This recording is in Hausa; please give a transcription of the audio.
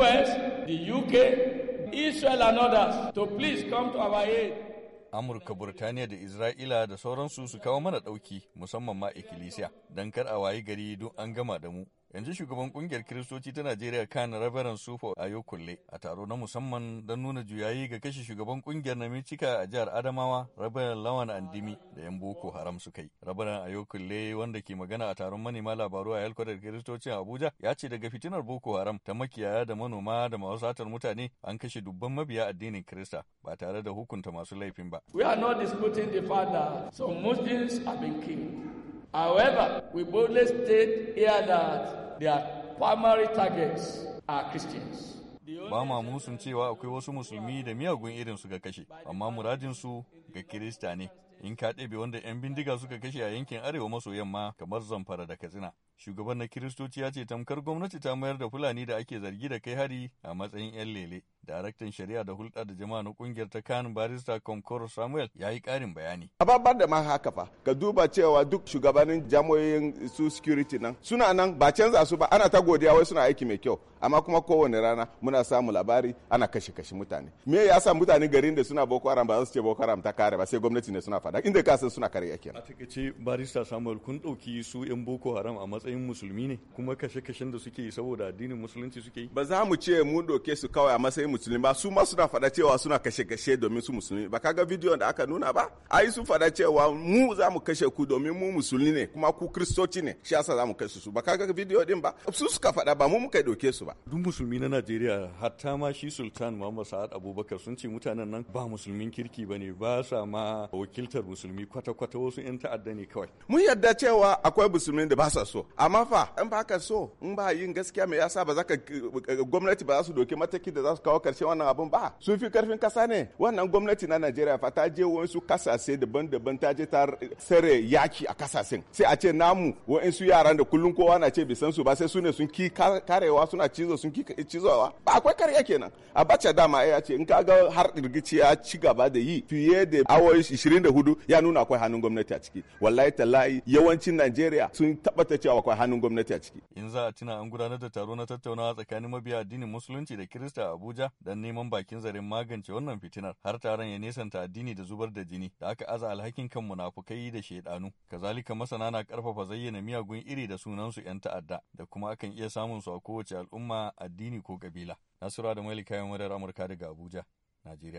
US, the UK, Israel and others to please come to our aid. Amurka, Burtaniya da Isra'ila da sauransu su kawo mana ɗauki musamman ma ikkilisiya don kar a wayi gari don an gama da mu yanzu shugaban kungiyar kiristoci ta najeriya kan rabaran sufo a kulle a taro na musamman don nuna juyayi ga kashe shugaban kungiyar na a jihar adamawa rabaran lawan andimi da yan boko haram su kai. rabaran a kulle wanda ke magana a taron manema labaru a yalkwadar kiristocin abuja ya ce daga fitinar boko haram ta makiyaya da manoma da masu satar mutane an kashe dubban mabiya addinin kirista ba tare da hukunta masu laifin ba we are not disputing the fact that some muslims have been killed however we boldly state here that Their primary targets are Christians. Ba ma musun cewa akwai wasu musulmi da miyagun irinsu ga kashe, amma muradinsu ga Kirista ne. in ka ɗebe wanda 'yan bindiga suka kashe a yankin arewa maso yamma kamar zamfara da katsina shugaban na kiristoci ya ce tamkar gwamnati ta mayar da fulani da ake zargi da kai hari a matsayin 'yan lele daraktan shari'a da hulɗa da jama'a na kungiyar ta kan barista konkoro samuel ya yi ƙarin bayani ababar da ma haka fa ka duba cewa duk shugabannin jami'oyin su security nan suna nan ba canza su ba ana ta godiya wai suna aiki mai kyau amma kuma kowane rana muna samu labari ana kashe kashe mutane me yasa mutane garin da suna boko haram ba za su ce boko haram ta kare ba sai gwamnati ne suna faɗa inda ka san suna kare kenan a takaice barista samuel kun ɗauki su yan boko haram a matsayin musulmi ne kuma kashe-kashen da suke yi saboda addinin musulunci suke yi ba za mu ce mun ɗauke su kawai a matsayin musulmi ba su ma suna faɗa cewa suna kashe-kashe domin su musulmi ba kaga bidiyon da aka nuna ba ai sun faɗa cewa mu za mu kashe ku domin mu musulmi ne kuma ku kristoci ne shi yasa za mu kashe su ba kaga bidiyo din ba su suka faɗa ba mu muka ɗauke su ba duk musulmi na Najeriya hatta ma shi sultan Muhammad Sa'ad Abubakar sun ce mutanen nan ba musulmin kirki bane ba sa ma wakiltar fahimtar musulmi kwata-kwata wasu 'yan ta'adda ne kawai. Mun yarda cewa akwai musulmin da ba sa so, amma fa in ba ka so in ba yin gaskiya mai yasa ba za ka gwamnati ba za su doki mataki da za su kawo karshe wannan abun ba. Sun fi karfin kasa ne. Wannan gwamnati na Najeriya fa ta je wasu kasashe daban-daban ta je ta sare yaki a kasashen. Sai a ce namu wa'insu yaran da kullum kowa na ce bisan su ba sai su ne sun ki karewa suna cizo sun ki cizowa. Ba akwai karya kenan. A bacha dama ya ce in ka ga har irgici ya ci gaba da yi fiye da awa 24 hudu ya nuna akwai hannun gwamnati a ciki wallahi tallahi yawancin najeriya sun tabbata cewa akwai hannun gwamnati a ciki in za a tuna an gudanar da taro na tattaunawa tsakanin mabiya addinin musulunci da kirista a abuja don neman bakin zaren magance wannan fitinar har taron ya nesanta addini da zubar da jini da aka aza alhakin kan munafukai da shaidanu kazalika masana na karfafa zayyana miyagun iri da sunansu 'yan ta'adda da kuma akan iya samun su a kowace al'umma addini ko kabila nasura da mailika yan murar amurka daga abuja najeriya